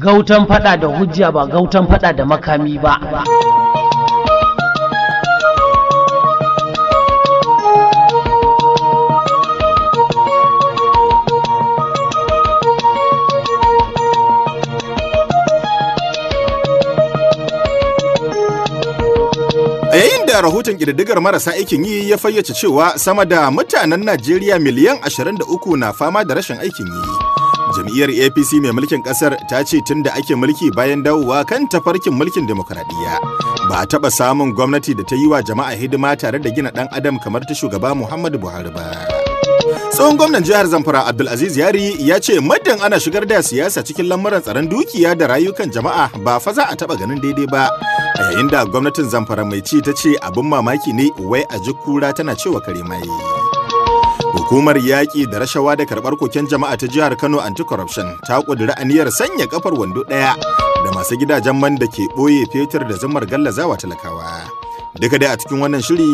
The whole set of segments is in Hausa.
gautan fada da hujja ba gautan fada da makami ba yayin da rahoton kididdigar marasa aikin yi ya fayyace cewa sama da mutanen najeriya miliyan 23 na fama da rashin aikin yi jam'iyyar apc mai mulkin kasar ta ce tun da ake mulki bayan dawowa kan tafarkin mulkin demokuraɗiyya ba a taɓa samun gwamnati da ta yi wa jama'a hidima tare da gina ɗan adam kamar ta shugaba muhammadu buhari ba tsohon gwamnan jihar zamfara abdulaziz yari ya ce muddin ana shigar da siyasa cikin lamuran tsaron dukiya da rayukan jama'a ba fa za a taɓa ganin daidai ba a yayin da gwamnatin zamfara mai ci ta ce abin mamaki ne wai a ji kura tana cewa kare mai Hukumar yaƙi da rashawa da karɓar koken jama'a ta jihar Kano Anti-Corruption ta ƙudura aniyar sanya kafar wando ɗaya da masu gidajen man da ke ɓoye fetur da zumar gallazawa talakawa. Duka dai a cikin wannan shiri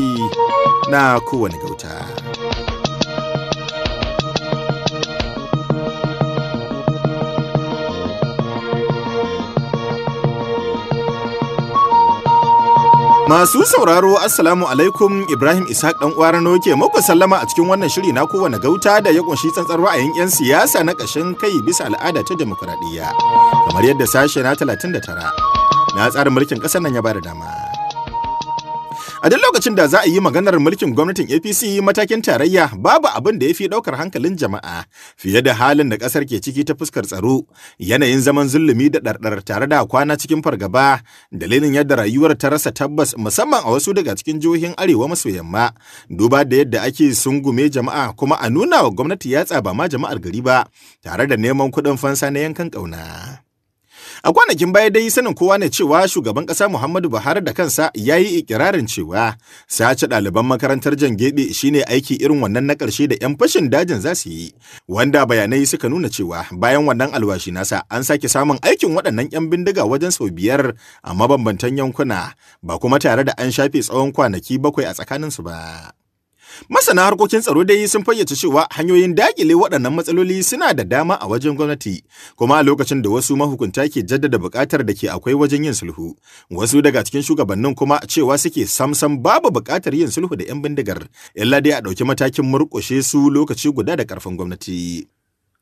na kowane gauta. Masu sauraro Assalamu alaikum Ibrahim isaac dan uwar noke muku sallama a cikin wannan shiri na kowane gauta da ya kunshi tsantsar ra'ayin 'yan siyasa na ƙashin kai bisa al'ada ta demokuraɗiyya. Kamar yadda sashe na 39 na tsarin mulkin ƙasar nan ya ba da dama. A duk lokacin da za a yi maganar mulkin gwamnatin APC matakin tarayya babu abin da ya fi ɗaukar hankalin jama'a fiye da halin da ƙasar ke ciki ta fuskar tsaro, yanayin zaman zulumi da ɗarɗar tare da kwana cikin fargaba, dalilin yadda rayuwar ta rasa tabbas musamman a wasu daga cikin jihohin arewa maso yamma, duba da yadda ake sungume jama'a kuma a nuna wa gwamnati yatsa ba ma jama'ar gari ba, tare da neman kuɗin fansa na yankan ƙauna. A kwanakin baya dai sanin kowa ne cewa shugaban ƙasa Muhammadu Buhari da kansa ya yi ikirarin cewa sace ɗaliban makarantar jan gebe shine aiki irin wannan na ƙarshe da 'yan fashin dajin za su yi. Wanda bayanai suka nuna cewa bayan wannan alwashi nasa an sake samun aikin waɗannan 'yan bindiga wajen sau biyar a mabambantan yankuna ba kuma tare da an shafe tsawon kwanaki bakwai a tsakaninsu ba. Masana harkokin tsaro dai sun fayyace cewa hanyoyin dakile waɗannan matsaloli suna da dama a wajen gwamnati, kuma a lokacin da wasu mahukunta ke jaddada buƙatar da ke akwai wajen yin sulhu. Wasu daga cikin shugabannin kuma cewa suke samsam babu buƙatar yin sulhu da 'yan bindigar, illa dai a ɗauki matakin murƙushe su lokaci guda da ƙarfin gwamnati.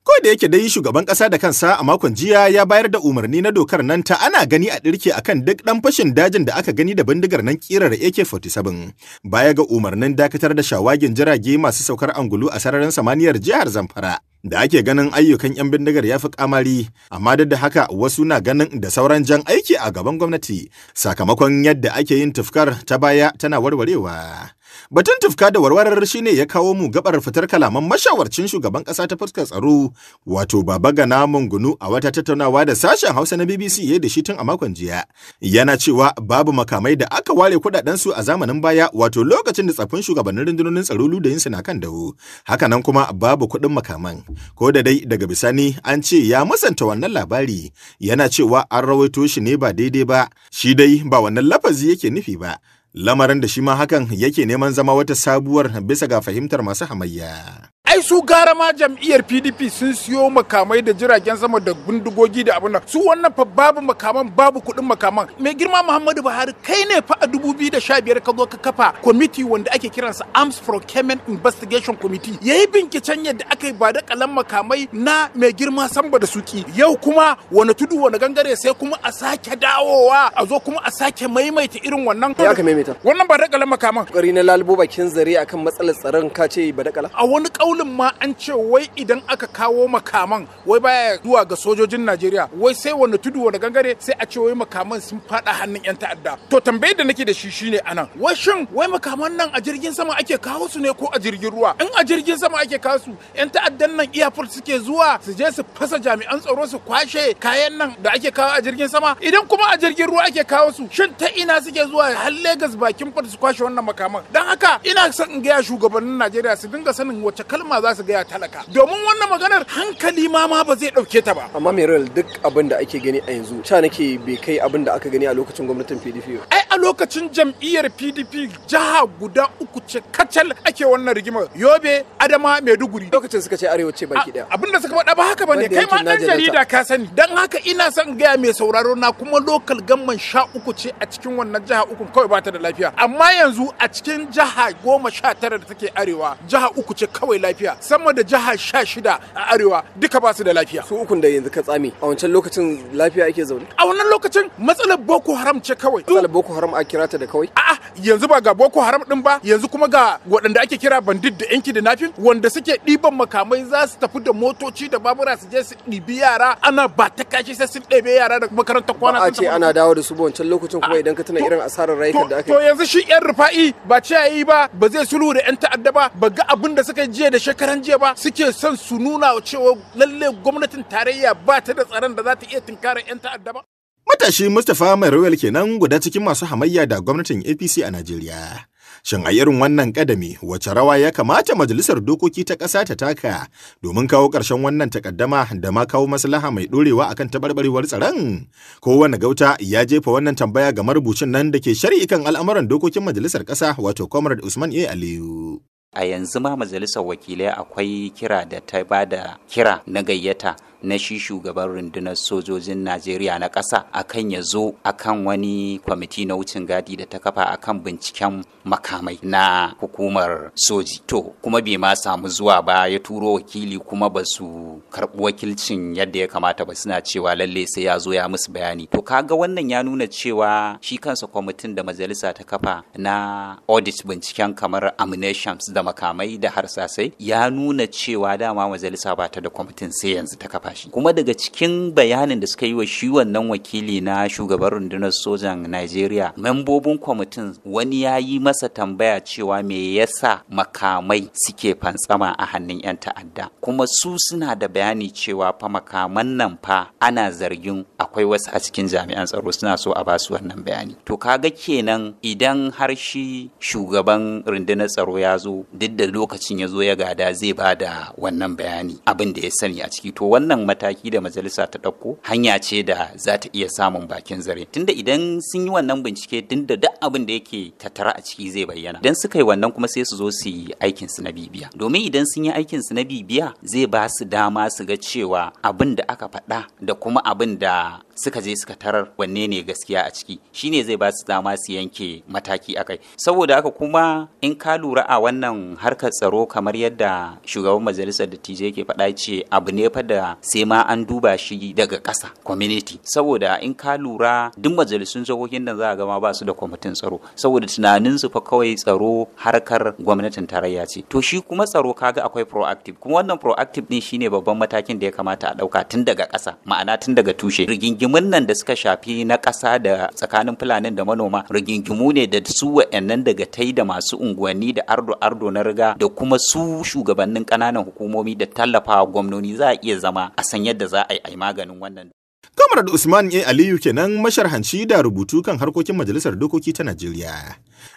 Ko da yake dai shugaban ƙasa da kansa a makon jiya ya bayar da umarni na dokar nan ta ana gani a ɗirke kan duk ɗan fashin dajin da aka gani da bindigar nan ƙirar AK-47. Baya ga umarnin dakatar da shawagin jirage masu saukar angulu a sararin samaniyar jihar Zamfara. Da ake ganin ayyukan 'yan bindigar ya fi kamari, amma duk da haka wasu na ganin da sauran jan aiki a gaban gwamnati, sakamakon yadda ake yin tufkar ta baya tana warwarewa. Batun tufka da warwarar shi ne ya kawo mu gabar fitar kalaman mashawarcin shugaban ƙasa ta fuskar tsaro wato Baba ga Gana gunu a wata tattaunawa da sashen Hausa na BBC ya da shi tun a makon jiya. Yana cewa babu makamai da aka ware kudaden su a zamanin baya wato lokacin da tsafin shugabannin rundunonin tsaro ludayin su na kan dawo. Hakanan kuma babu kuɗin makaman. Ko da dai daga bisani an ce ya musanta wannan labari yana cewa an rawaito shi ne ba daidai ba shi dai ba wannan lafazi yake nufi ba lamarin da shi ma hakan yake neman zama wata sabuwar bisa ga fahimtar masu hamayya. ai su gara ma jam'iyyar pdp sun siyo makamai da jiragen sama da gundugogi da abin su wannan fa babu makaman babu kuɗin makaman mai girma muhammadu buhari kai ne fa a 2015 ka zo ka kafa kwamiti wanda ake kiransa arms procurement investigation committee yi binciken yadda aka yi ba da kalan makamai na mai girma samba da suki yau kuma wani tudu wani gangare sai kuma a sake dawowa a zo kuma a sake maimaita irin wannan ya ka maimaita wannan ba da kalan makaman kokari na lalubo bakin zare akan matsalar tsaron ka ce ba da kalan a wani kaulin ma an ce wai idan aka kawo makaman wai baya zuwa ga sojojin najeriya wai sai wani tudu wani gangare sai a ce wai makaman sun fada hannun yan ta'adda to tambayar da nake da shi shine anan wai shin wai makaman nan a jirgin sama ake kawo su ne ko a jirgin ruwa in a jirgin sama ake kawo su yan ta'addan nan iya iyafur suke zuwa su je su fasa jami'an tsaro su kwashe kayan nan da ake kawo a jirgin sama idan kuma a jirgin ruwa ake kawo su shin ta ina suke zuwa har Legas bakin fata su kwashe wannan makaman dan haka ina son in gaya shugabannin Najeriya su dinga sanin wace kalma ma za su gaya talaka domin wannan maganar hankali ma ma ba zai dauke ta ba amma meral duk abin da ake gani a yanzu sha nake bai kai abin da aka gani a lokacin gwamnatin pdp ai a lokacin jam'iyyar pdp jiha guda uku ce kacal ake wannan rigimar yobe adama maiduguri lokacin suka ce arewa ce baki daya abin da suka faɗa ba haka bane kai ma dan jarida ka sani dan haka ina son gaya mai sauraro na kuma lokal gamman sha uku ce a cikin wannan jiha uku kawai ba ta da lafiya amma yanzu a cikin jiha goma sha tara da take arewa jiha uku ce kawai lafiya lafiya sama da jiha sha shida a arewa duka ba su da lafiya su ukun da yanzu ka tsami. a wancan lokacin lafiya ake zaune a wannan lokacin matsalar boko haram ce kawai matsalar boko haram a kira ta da kawai a'a yanzu ba ga boko haram din ba yanzu kuma ga waɗanda ake kira bandit da yanki da nafin wanda suke ɗiban makamai za su tafi da motoci da babura su je su ɗibi yara ana ba ta kashi sai sun ɗebe yara da makaranta kwana a ce ana dawo da su ba wancan lokacin kuma idan ka tuna irin asarar rayukan da aka to yanzu shi yan rufa'i ba ciyayi ba ba zai sulhu da yan ta'adda ba ba ga abin da suka jiya da shekaran jiya ba suke son su nuna cewa lalle gwamnatin tarayya ba ta da tsaron da za ta iya tunkara 'yan ta'adda ba? Matashi Mustapha Mairoyal kenan guda cikin masu hamayya da gwamnatin APC a Najeriya. Shin a irin wannan kadami wace rawa ya kamata majalisar dokoki ta ƙasa ta taka domin kawo ƙarshen wannan takaddama da ma kawo maslaha mai ɗorewa akan tabarbarewar tsaron? Kowane gauta ya jefa wannan tambaya ga marubucin nan da ke shari'i kan al'amuran dokokin majalisar ƙasa wato Comrade Usman A. Aliyu. a yanzu ma majalisar wakilai akwai kira da ta ba da kira na gayyata na shi shugaban rundunar sojojin najeriya na ƙasa akan ya zo akan wani kwamiti na wucin gadi da ta kafa akan binciken makamai na hukumar soji to kuma bai ma samu zuwa ba ya turo wakili kuma ba su karɓi wakilcin yadda ya kamata ba suna cewa lalle sai ya zo ya musu bayani to kaga wannan ya nuna cewa shi kansa kwamitin da majalisa ta kafa na audit binciken kamar ammunitions da makamai da harsasai ya nuna cewa dama majalisa ba ta da kwamitin sai yanzu ta kafa shi kuma daga cikin bayanin da suka yi wa shi wannan wakili na shugaban rundunar sojan Najeriya membobin kwamitin wani ya yi masa tambaya cewa me yasa makamai suke fantsama a hannun 'yan ta'adda kuma su suna da bayani cewa fa makaman nan fa ana zargin akwai wasu a cikin jami'an tsaro suna so a basu wannan bayani to kaga kenan idan har shi shugaban rundunar tsaro ya zo duk da lokacin ya zo ya gada zai ba da wannan bayani abin da ya sani a ciki to wannan mataki da majalisa ta ɗauko hanya ce da za ta iya samun bakin zare tunda idan sun yi wannan bincike din da duk abin da yake tattara a ciki zai bayyana idan suka yi wannan kuma sai su zo su yi aikin su na bibiya domin idan sun yi aikin su na bibiya zai ba su dama su ga cewa abin da aka faɗa da kuma abin da suka je suka tarar wanne ne gaskiya a ciki shine zai ba su dama su yanke mataki akai saboda haka kuma in ka lura a wannan harkar tsaro kamar yadda shugaban majalisar dattijai yake faɗa ce abu ne fa da sai ma an duba shi daga ƙasa community saboda in ka lura duk majalisun jihohin da za a gama ba su da kwamitin tsaro saboda tunanin su fa kawai tsaro harkar gwamnatin tarayya ce to shi kuma tsaro kaga akwai proactive kuma wannan proactive din shine babban matakin da ya kamata a ɗauka tun daga ƙasa ma'ana tun daga tushe rigingimun nan da suka shafi na ƙasa da tsakanin fulanin da manoma rigingimu ne da su wa'annan daga tai da masu unguwanni da ardo ardo na riga da kuma su shugabannin ƙananan hukumomi da tallafawa gwamnoni za a iya zama a san yadda za a yi a maganin wannan. Kamar da Usman A. Aliyu kenan masharhanci da rubutu kan harkokin Majalisar Dokoki ta Najeriya.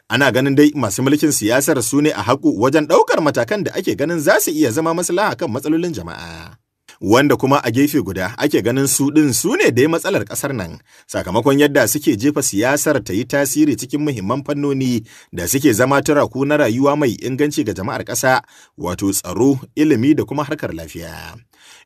Ana ganin dai masu mulkin siyasar su ne a haƙu wajen ɗaukar matakan da ake ganin za su iya zama maslaha kan matsalolin jama'a. wanda kuma a gefe guda ake ganin su ɗin su ne dai matsalar ƙasar nan sakamakon yadda suke jefa siyasar ta yi tasiri cikin muhimman fannoni da suke zama turaku na rayuwa mai inganci ga jama'ar ƙasa wato tsaro ilimi da kuma harkar lafiya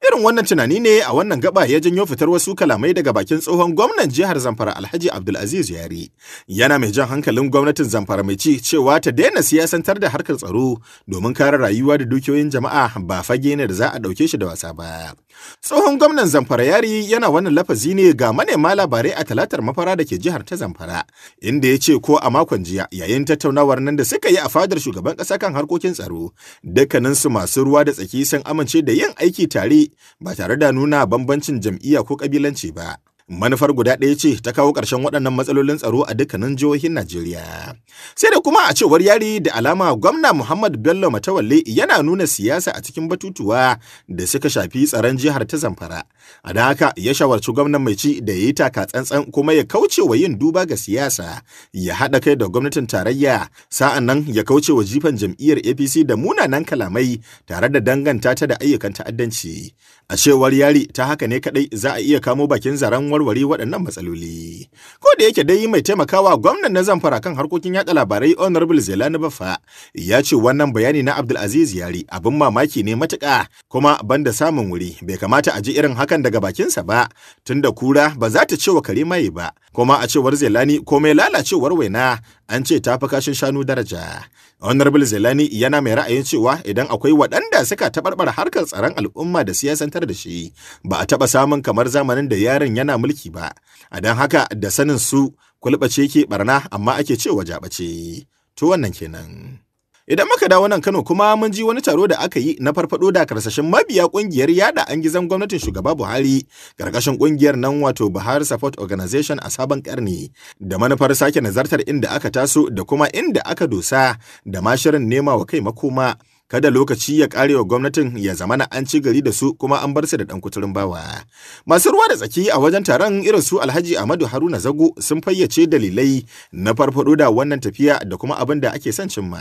Irin wannan tunani ne a wannan gaba ya janyo fitar wasu kalamai daga bakin tsohon gwamnan jihar Zamfara Alhaji Abdulaziz Yari. Yana mai jan hankalin gwamnatin Zamfara mai ci cewa ta daina siyasantar da harkar tsaro domin kare rayuwa da dukiyoyin jama'a ba fage ne da za a ɗauke shi da wasa ba. Tsohon gwamnan Zamfara Yari yana wannan lafazi ne ga manema labarai a talatar mafara da ke jihar ta Zamfara, inda ya ce ko a makon jiya yayin tattaunawar nan da suka yi a fadar shugaban ƙasa kan harkokin tsaro, dukkaninsu masu ruwa da tsaki sun amince da yin aiki tare ba tare da nuna bambancin jam'iyya ko ƙabilanci ba. Manufar guda ɗaya ce ta kawo ƙarshen waɗannan matsalolin tsaro a dukkanin jihohin Najeriya. Sai da kuma a cewar yari da alama gwamna Muhammad Bello Matawalle yana nuna siyasa a cikin batutuwa da suka shafi tsaron jihar ta Zamfara. A da haka ya shawarci gwamnan mai ci da ya yi taka tsantsan kuma ya kauce wa yin duba ga siyasa, ya haɗa kai da gwamnatin tarayya, sa'an nan ya kauce wa jifan jam'iyyar APC da munanan kalamai tare da danganta ta da ayyukan ta'addanci. A cewar yari ta haka ne kaɗai za a iya kamo bakin zaren warware waɗannan matsaloli. Ko da yake dai mai taimakawa gwamnan na zamfara kan harkokin yaɗa labarai Honorable Zelani Bafa ya ce wannan bayani na Abdulaziz Yari abin mamaki ne matuƙa kuma banda samun wuri bai kamata a ji irin hakan daga bakinsa ba tunda kura ba za ta cewa kare mai ba kuma a cewar Zelani komai lalacewar waina an ce ta fi kashin shanu daraja. Honorable Zelani yana mai ra'ayin cewa idan akwai waɗanda suka taɓarɓara harkar tsaron al'umma da siyasantar da shi ba a taɓa samun kamar zamanin da yaron yana mulki ba. A don haka da sanin su kulɓace ke ɓarna amma ake cewa jaɓace. To wannan kenan. Idan muka dawo nan Kano kuma mun ji wani taro da aka yi na farfado da karsashin mabiya kungiyar yada an gizan gwamnatin shugaba Buhari karkashin kungiyar nan wato Buhari Support Organization a sabon karni da manufar sake nazartar inda aka taso da kuma inda aka dosa da mashirin nema wa kai makoma kada lokaci ya kare wa gwamnatin ya zamana an ci gari da su kuma an bar su da dan kuturin bawa. Masu ruwa da tsaki a wajen taron irin su Alhaji Ahmadu Haruna Zago sun fayyace dalilai na farfado da wannan tafiya da kuma abin da ake son cimma.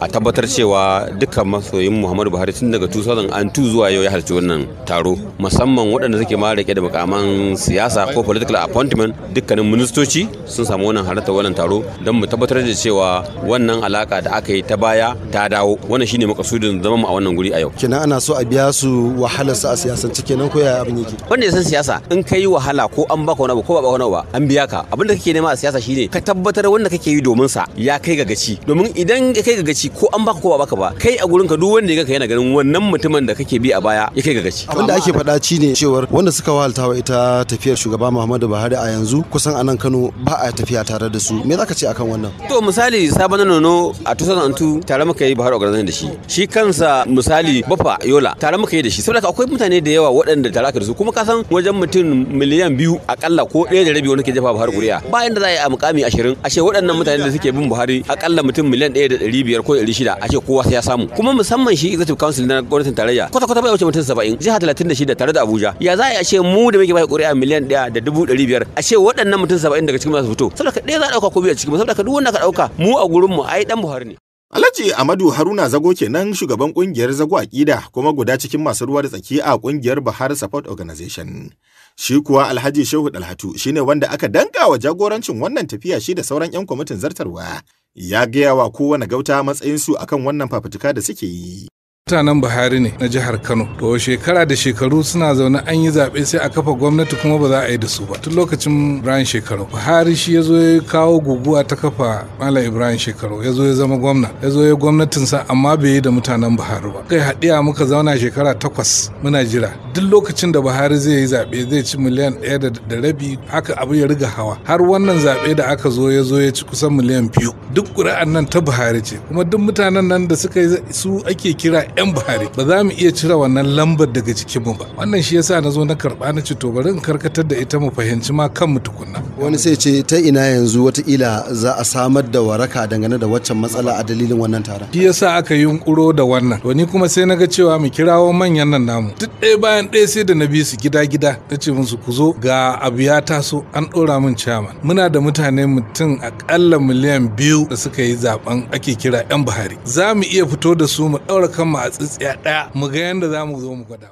a tabbatar cewa dukkan masoyin muhammadu buhari tun daga tu zuwa yau ya halarci wannan taro musamman waɗanda suke ma rike da makaman siyasa ko political appointment dukkanin ministoci sun samu wannan halarta wannan taro don mu tabbatar da cewa wannan alaka da aka yi ta baya ta dawo wannan shine makasudin zama mu a wannan guri a yau kenan ana so a biya su wahalar su a siyasance kenan ko ya abin yake wanda ya san siyasa in ka yi wahala ko an baka wani ko ba baka wani ba an biya ka abin da kake nema a siyasa shine ka tabbatar wanda kake yi domin sa ya kai ga gaci domin idan ka kai ga gaci gaci ko an baka ko ba baka ba kai a gurin ka duk wanda ya ga yana ganin wannan mutumin da kake bi a baya ya kai ga gaci abin da ake faɗa ci ne cewar wanda suka wahalta wa ita tafiyar shugaba Muhammadu Buhari a yanzu kusan a nan Kano ba a tafiya tare da su me zaka ce akan wannan to misali sabon nono a antu tare muka yi Buhari organization da shi shi kansa misali bafa yola tare muka yi da shi saboda akwai mutane da yawa waɗanda tare aka da su kuma ka san wajen mutum miliyan biyu akalla ko ɗaya da rabi wani ke jefa Buhari kuriya bayan da za a yi a mukami 20 ashe waɗannan mutane da suke bin Buhari akalla mutum miliyan ɗaya da ɗari biyar ko ko ɗari shida a ce kowa sai ya samu kuma musamman shi executive council na gwamnatin tarayya kwata kwata bai wuce mutum saba'in jiha talatin da shida tare da abuja ya za a ce mu da muke bai ƙuri'a miliyan ɗaya da dubu ɗari biyar a ce waɗannan mutum saba'in daga cikin masu fito saboda ɗaya za a ɗauka ko biyu a cikin saboda duk wanda ka ɗauka mu a gurinmu ai ɗan buhari ne Alhaji Amadu Haruna Zago kenan shugaban kungiyar Zago Akida kuma guda cikin masu ruwa da tsaki a kungiyar Bahar Support Organization. Shi kuwa Alhaji Shehu Dalhatu shine wanda aka danka wa jagorancin wannan tafiya shi da sauran 'yan kwamitin zartarwa ya gaya wa kowane gauta matsayinsu akan wannan fafutuka da suke yi. mutanen buhari ne na jihar kano to shekara da shekaru suna zaune an yi zaɓe sai a kafa gwamnati kuma ba za a yi da su ba tun lokacin ibrahim shekaru buhari shi ya zo ya kawo guguwa ta kafa malam ibrahim shekaru ya zo ya zama gwamna ya zo ya gwamnatinsa amma bai yi da mutanen buhari ba kai haɗiya muka zauna shekara takwas muna jira duk lokacin da buhari zai yi zaɓe zai ci miliyan ɗaya da rabi haka abu ya riga hawa har wannan zaɓe da aka zo ya zo ya ci kusan miliyan biyu duk ƙuri'an nan ta buhari ce kuma duk mutanen nan da suka yi su ake kira 'yan buhari ba za mu iya cire wannan lambar daga jikinmu ba wannan shi yasa na zo na karɓa na ci to bari in karkatar da ita mu fahimci ma kanmu tukunna wani sai ce ta ina yanzu wata ila za a samar da waraka dangane da waccan matsala a dalilin wannan taron shi yasa aka kuro da wannan to ni kuma sai na ga cewa mu kirawo manyan nan namu duk ɗaya bayan ɗaya sai da na bi su gida gida na ce musu ku zo ga abu ya taso an ɗora mun chairman muna da mutane mutum akalla miliyan biyu da suka yi zaben ake kira 'yan buhari za mu iya fito da su mu ɗaura kanmu a tsitsiya ɗaya mu ga yadda za mu zo mu gwada.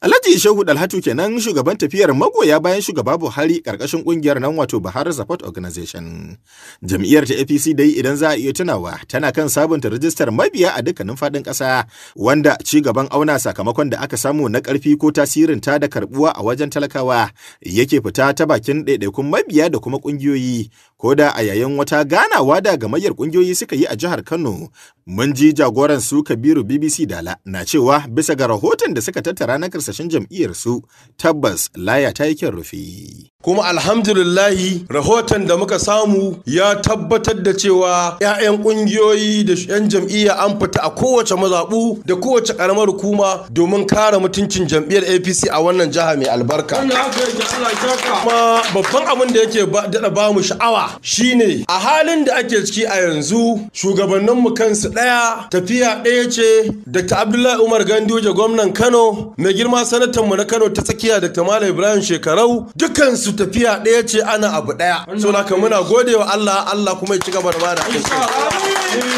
Alhaji Shehu Dalhatu kenan shugaban tafiyar magoya bayan shugaba Buhari karkashin kungiyar nan wato Buhari Support Organization. Jam'iyyar ta APC dai idan za a iya tunawa tana kan sabunta rijistar mabiya a dukkanin faɗin ƙasa wanda ci gaban auna sakamakon da aka samu na ƙarfi ko tasirin ta da karbuwa a wajen talakawa yake fita ta bakin ɗaiɗaikun mabiya da kuma ƙungiyoyi ko da a yayin wata ganawa da gamayyar ƙungiyoyi suka yi a jihar Kano Mun ji jagoran su Kabiru BBC Dala na cewa bisa ga rahoton da suka tattara na karsashin jam'iyyar su tabbas laya ta yi kyan rufi. Kuma alhamdulillahi rahoton da muka samu ya tabbatar da cewa 'ya'yan ƙungiyoyi da 'yan jam'iyya an fita a kowace mazaɓu da kowace ƙaramar hukuma domin kare mutuncin jam'iyyar APC a wannan jiha mai albarka. Kuma babban abin da yake daɗa ba mu sha'awa shine a halin da ake ciki a yanzu shugabanninmu kansu ɗaya tafiya ɗaya ce Dr. Abdullahi Umar Ganduje gwamnan Kano mai girma sanatan mu na Kano ta tsakiya Dr. Malam Ibrahim Shekarau dukkan tafiya ɗaya ce ana abu ɗaya so haka muna wa Allah Allah kuma ya ci gaba da bada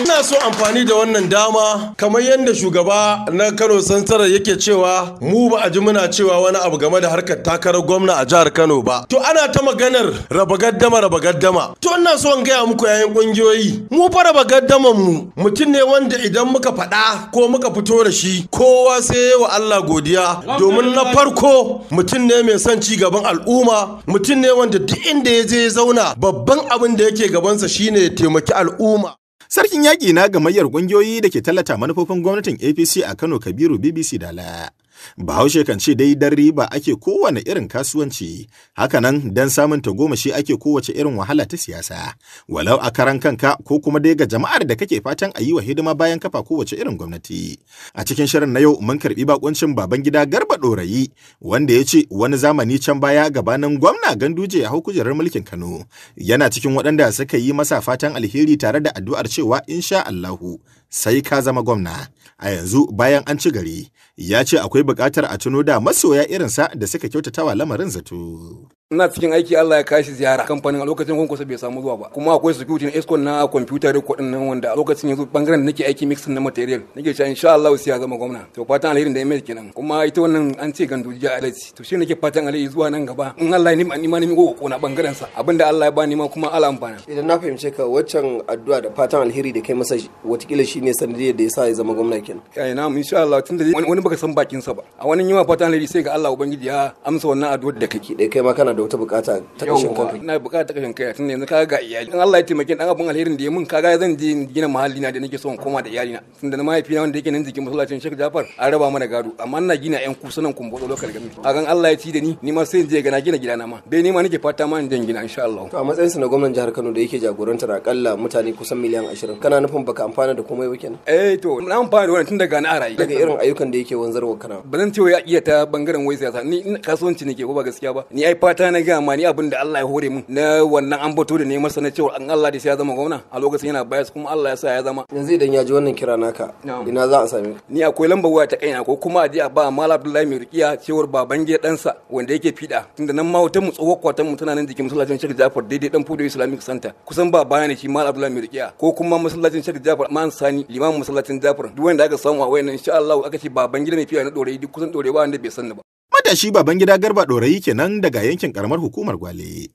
ina so amfani da wannan dama kamar yadda shugaba na Kano sansara yake cewa mu ba a ji muna cewa wani abu game da harkar takarar gwamna a jihar Kano ba to ana ta maganar raba gaddama raba gaddama to ina so in gaya muku yayin kungiyoyi mu fa raba gaddaman mu mutum mutum ne wanda idan muka faɗa ko muka fito da shi kowa sai yi wa Allah godiya domin na farko mutum ne mai son ci gaban al'umma mutum ne wanda duk inda ya je ya zauna babban abin da yake gabansa shine ya taimaki al'umma Sarkin yaƙi na gamayyar ƙungiyoyi da ke tallata manufofin gwamnatin APC a Kano Kabiru BBC da laya Bahaushe kan ce dai dan riba ake kowane irin kasuwanci, hakanan dan samun tagomashi ake kowace irin wahala ta siyasa, walau a karan kanka ko kuma dai ga jama'ar da kake fatan a yi wa hidima bayan kafa kowace irin gwamnati. A cikin shirin na yau mun karɓi bakuncin baban gida Garba Ɗorayi. wanda ya ce wani zamani can baya gabanin gwamna Ganduje a hau kujerar mulkin Kano, yana cikin waɗanda suka yi masa fatan alheri tare da addu'ar cewa insha Allahu sai ka zama gwamna. A yanzu bayan an ci gari, ya ce akwai buƙatar a tuno da masoya irinsa da suka kyautatawa lamarin zato. ina cikin aiki Allah ya kashi ziyara kamfanin a lokacin kun kusa bai samu zuwa ba kuma akwai security na escort na computer record din nan wanda a lokacin yanzu bangaren nake aiki mixing na material nake cewa insha Allah sai ya zama gwamna to fatan alherin da ya kenan kuma ita wannan an ce gandujiya alaji to shi nake fatan alheri zuwa nan gaba in Allah ya nima ni ma nima ko kona bangaren sa abinda Allah ya bani ma kuma ala amfana idan na fahimce ka waccan addu'a da fatan alheri da kai masa watakila shine sanadiyar da yasa ya zama gwamna kenan kai na insha Allah tunda wani baka san bakin sa ba a wani yima fatan alheri sai ga Allah ubangiji ya amsa wannan addu'ar da kake dai kai ma kana da wata bukata ta kashin kai ina bukata ta kashin kai tunda yanzu kaga ga iyali dan Allah ya taimake dan abun alherin da ya mun kaga zan je gina mahalli na da nake so in koma da iyali na tunda na mahaifi na wanda yake nan jikin masallacin Sheikh Jafar an raba mana gado amma ina gina yan kusunan kumbodo local gami a gan Allah ya ci da ni ni ma sai in je ga na gina gidana ma dai ni ma nake fata ma in je gina insha Allah to a matsayin sa na gwamnatin jihar Kano da yake jagoranta jagorantar akalla mutane kusan miliyan 20 kana nufin baka amfana da komai ba kenan eh to na amfana da wannan tun daga na arayi daga irin ayyukan da yake wanzarwa kana ba zan ce ya iya ta bangaren wai siyasa ni kasuwanci nake ko ba gaskiya ba ni ai fata na ga ma ni abin da Allah ya hore mun na wannan an bato da ne masa na cewa an Allah da sai ya zama gwamna a lokacin yana bayas kuma Allah ya sa ya zama yanzu idan ya ji wannan kira naka ina za a same ni akwai lamba waya ta kaina ko kuma a ba Malam Abdullahi mai rikiya cewar baban ge dansa wanda yake fida tunda nan ma wata mu tsohuwar kwatan mu tana nan jikin masallacin Sheikh Jafar daidai dan Fudo Islamic Center kusan ba ne shi Malam Abdullahi mai rikiya ko kuma masallacin Sheikh Jafar an sani limamin masallacin Jafar duk wanda aka samu a wayannan insha Allah aka ce baban gida mai fiya na dore duk kusan dorewa wanda bai sanni ba Matashi Babangida Garba Ɗorayi kenan daga yankin ƙaramar hukumar Gwale.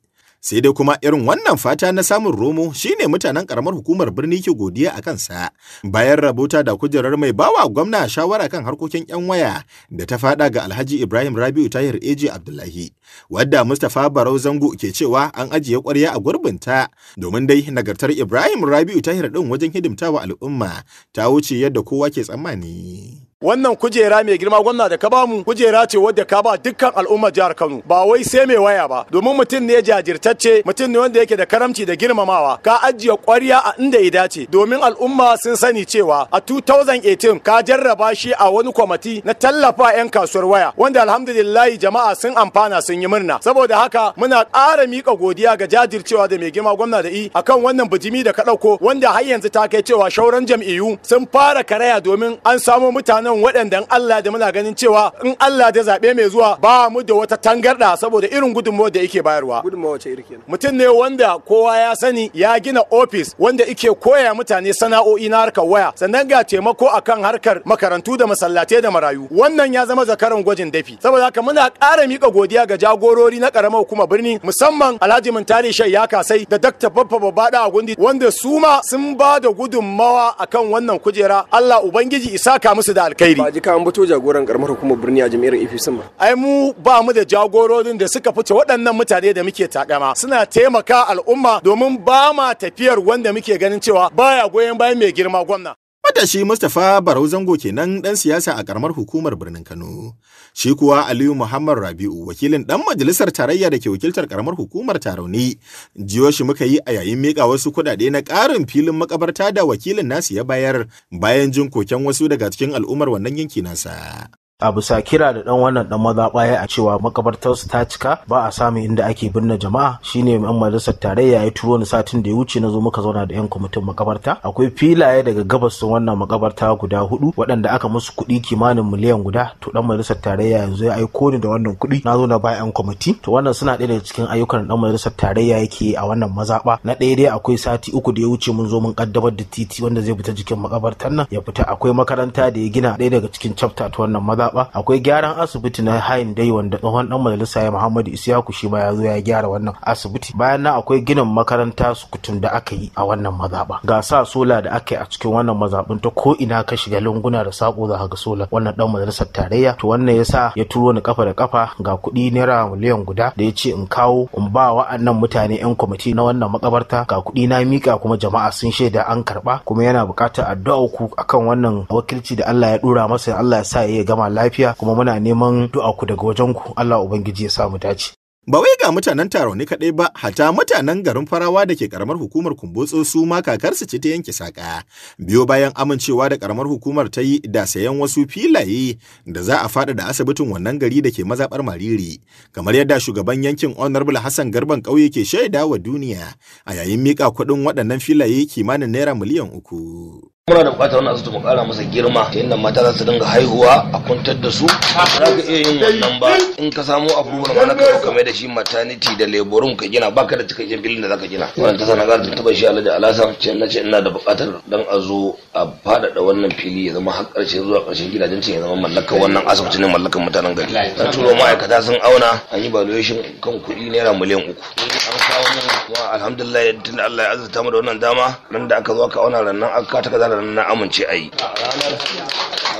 Sai dai kuma irin wannan fata na samun romo shine mutanen ƙaramar hukumar birni ke godiya a kansa bayan rabota da kujerar mai bawa gwamna shawara kan harkokin 'yan waya da ta fada ga Alhaji Ibrahim Rabi'u Tahir Eji Abdullahi wadda Mustapha Barau Zango ke cewa an ajiye kwarya a gurbinta domin dai nagartar Ibrahim Rabi'u Tahir din wajen hidimtawa al'umma ta wuce yadda kowa ke tsammani. wannan kujera mai girma gwamna da ka mu kujera ce wadda ka ba dukkan al'ummar jihar Kano ba wai sai mai waya ba domin mutum ne jajirtacce mutum ne wanda yake da karamci da girmamawa ka ajiye ƙwarya a inda ya dace domin al'umma sun sani cewa a 2018 ka jarraba shi a wani kwamati na tallafa 'yan kasuwar waya wanda alhamdulillahi jama'a sun amfana sun yi murna saboda haka muna ƙara miƙa godiya ga jajircewa da mai girma gwamna da i akan wannan bijimi da ka dauko wanda har yanzu ta kai cewa shauran jam'iyyu sun fara karaya domin an samo mutane nan waɗanda Allah da muna ganin cewa in Allah da zaɓe mai zuwa ba mu da wata tangarɗa saboda irin gudunmawar da yake bayarwa. ce Mutum ne wanda kowa ya sani ya gina ofis wanda yake koya mutane sana'o'i na harkar waya sannan ga taimako akan harkar makarantu da masallatai da marayu. Wannan ya zama zakaran gwajin dafi. Saboda haka muna ƙara miƙa godiya ga jagorori na ƙaramar kuma birni musamman Alhaji Muntari ya Kasai da Dr. Baffa Babaɗa a gundi wanda su ma sun ba da gudunmawa akan wannan kujera. Allah Ubangiji isa ka musu da alkhairi ba ji ka an ambato jagoran karamar hukumar birni a jami'ar APC ba ai mu ba mu da jagororin da suka fice waɗannan mutane da muke takama suna taimaka al'umma domin ba ma tafiyar wanda muke ganin cewa baya goyon bayan mai girma gwamna Matashi Mustapha Barau Zango kenan ɗan siyasa a ƙaramar hukumar birnin Kano. Shi kuwa Aliyu Muhammad Rabi'u wakilin ɗan majalisar tarayya da ke wakiltar ƙaramar hukumar Tarauni. Jiyo shi muka yi a yayin miƙa wasu kuɗaɗe na ƙarin filin makabarta da wakilin nasu ya bayar bayan jin koken wasu daga cikin al'ummar wannan yanki nasa. a bisa kira da dan wannan dan maza baya a cewa makabartarsu ta cika ba a samun inda ake binne jama'a shine yan majalisar tarayya ya turo ni satin da ya wuce na zo muka zauna da yan kwamitin makabarta akwai filaye daga gabas sun wannan makabarta guda hudu waɗanda aka musu kuɗi kimanin miliyan guda to dan majalisar tarayya yanzu ya aiko ni da wannan kuɗi nazo na ba yan kwamiti to wannan suna ɗaya daga cikin ayyukan dan majalisar tarayya yake a wannan mazaba na ɗaya dai akwai sati uku da ya wuce mun zo mun kaddamar da titi wanda zai fita jikin makabartar nan ya fita akwai makaranta da ya gina ɗaya daga cikin chapter ta wannan maza akwai gyaran asibiti na hayin dai wanda tsohon dan majalisa ya muhammadu isiyaku shi ma ya zo ya gyara wannan asibiti bayan na akwai ginin makaranta sukutun da aka yi a wannan mazaɓa ga sa sola da aka yi a cikin wannan mazaɓin ta ko ina ka shiga lunguna da sako za ka ga sola wannan dan majalisar tarayya to wannan yasa ya turo ni kafa da kafa ga kuɗi naira miliyan guda da ya ce in kawo in ba wa'annan mutane yan kwamiti na wannan makabarta ga kuɗi na mika kuma jama'a sun shaida an karɓa kuma yana bukatar addu'a ku akan wannan wakilci da Allah ya dura masa Allah ya sa ya gama lafiya kuma muna neman du'a ku daga wajen ku Allah ubangiji ya sa mu dace Ba wai ga mutanen taro ne kadai ba, hata mutanen garin farawa da ke karamar hukumar kumbotso su ma kakarsu ce ta yanke saƙa. Biyo bayan amincewa da karamar hukumar ta yi da sayan wasu filaye da za a fada da asibitin wannan gari da ke mazabar mariri. Kamar yadda shugaban yankin Honorable Hassan Garban ƙauye ke shaida wa duniya a yayin mika kuɗin waɗannan filaye kimanin naira miliyan uku. muna da bukatar wannan asibiti mu kara masa girma ta yadda mata za su dinga haihuwa a kwantar da su ba za ka iya yin wannan ba in ka samu abubuwan ma na ka kamar da shi maternity da leburun ka gina ba ka da cikakken filin da za ka gina wannan na gara da taba shi alhaji alasan ce na ce ina da bukatar dan a zo a faɗaɗa wannan fili ya zama har ƙarshe zuwa ƙarshen gidajen cin ya zama mallakar wannan asibiti ne mallakar mutanen gari na turo ma'aikata sun auna an yi valuation kan kuɗi naira miliyan uku an kawo min Allah ya azurta mu da wannan dama nan da aka zo ka auna rannan aka ta zara ranar na amince a yi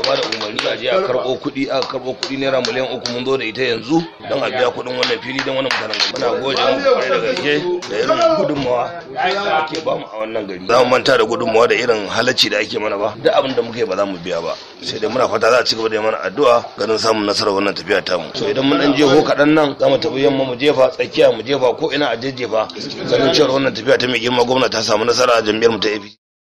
ba da umarni a je a karɓo kuɗi a karɓo kuɗi naira miliyan uku mun zo da ita yanzu don a biya kuɗin wannan fili don wannan mutanen gari muna goje mu kwarai da gaske da irin gudunmawa da ake ba mu a wannan gari za mu manta da gudunmawa da irin halacci da ake mana ba duk abin da muke ba za mu biya ba sai dai muna fata za a ci gaba da mana addu'a ganin samun nasarar wannan tafiya ta mu so idan mun dan ko kaɗan nan za mu tafi yamma mu jefa tsakiya mu jefa ko ina a jejjefa ganin cewa wannan tafiya ta mai girma gwamna ta samu nasara a jam'iyyar mu ta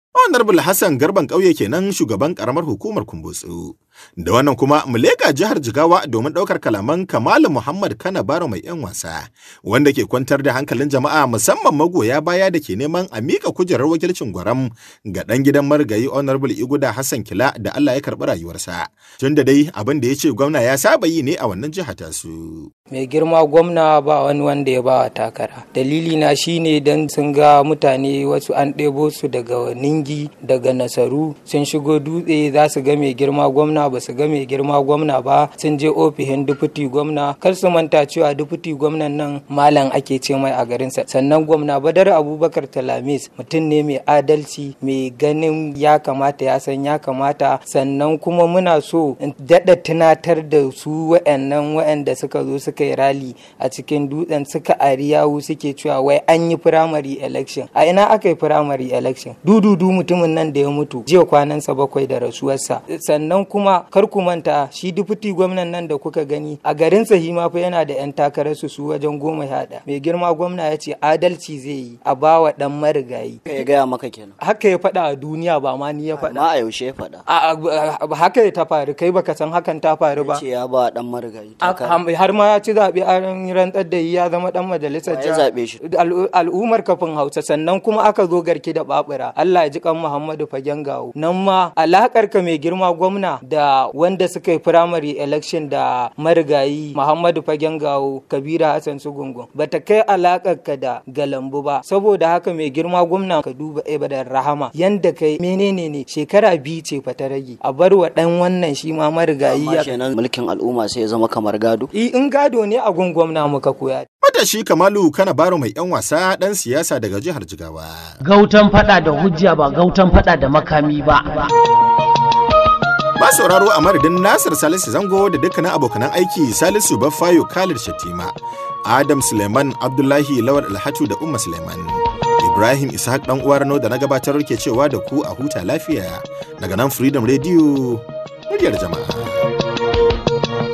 Honorable Hassan Garban ƙauye kenan shugaban ƙaramar hukumar Kumbutsu. Da wannan kuma mu leƙa jihar Jigawa domin ɗaukar kalaman Kamalu Muhammad Kana Baro mai 'yan wasa, wanda ke kwantar da hankalin jama'a musamman magoya baya da ke neman a miƙa kujerar wakilcin gwaram ga ɗan gidan marigayi Honorable Iguda Hassan Kila da Allah ya karɓi rayuwarsa. Tun da dai abin da ya ce gwamna ya saba yi ne a wannan jihar ta su. Mai girma gwamna ba wani wanda ya ba wa takara. Dalili na shine dan sun ga mutane wasu an ɗebo su daga wani dangi daga nasaru sun shigo dutse za su ga mai girma gwamna ba su ga mai girma gwamna ba sun je ofishin dufuti gwamna kar su manta cewa dufuti gwamnan nan malam ake ce mai a garin sa sannan gwamna badar abubakar talamis mutum ne mai adalci mai ganin ya kamata ya san ya kamata sannan kuma muna so daɗa tunatar da su wa'annan wa'anda suka zo suka yi rali a cikin dutsen suka ari suke cewa wai an yi primary election a ina aka yi primary election dududu mutumin nan da ya mutu jiya kwanansa bakwai da rasuwarsa sannan kuma kar ku manta shi dufuti gwamnan nan da kuka gani a garin hima fa yana da yan takararsu su wajen goma haɗa mai girma gwamna ya ce adalci zai yi a bawa dan marigayi ya gaya maka kenan haka ya faɗa a duniya ba ma ni ya faɗa ma a yaushe ya faɗa haka ya ta faru kai baka san hakan ta faru ba ya ba dan marigayi har ma ya ci zaɓe an rantsar da yi ya zama dan majalisar ya zaɓe shi al'ummar kafin hausa sannan kuma aka zo garki da babura Allah ya jikan Muhammadu Fagen Gawo. Nan ma alakar ka mai girma gwamna da wanda suka yi firamare election da marigayi Muhammadu Fagen Gawo Kabira Hassan Sugungun ta kai alakar ka da Galambu ba saboda haka mai girma gwamna ka duba ibadar Rahama yanda kai menene ne shekara biyu ce fa ta rage a bar wa dan wannan shi ma marigayi ya kenan mulkin al'umma sai ya zama kamar gado in gado ne a gwamna muka koya matashi Kamalu kana Kanabaro mai 'yan wasa dan siyasa daga jihar Jigawa. Gautan fada da hujja ba ba gautan faɗa da makami ba. Ba sauraro a madadin Nasir Salisu Zango da dukkanin abokanan aiki Salisu Baffayo Khalid Shatima, Adam Suleiman Abdullahi Lawal Alhatu da Umma Suleiman. Ibrahim Ishaq dan uwar no da na gabatar ke cewa da ku a huta lafiya daga nan Freedom Radio muryar jama'a.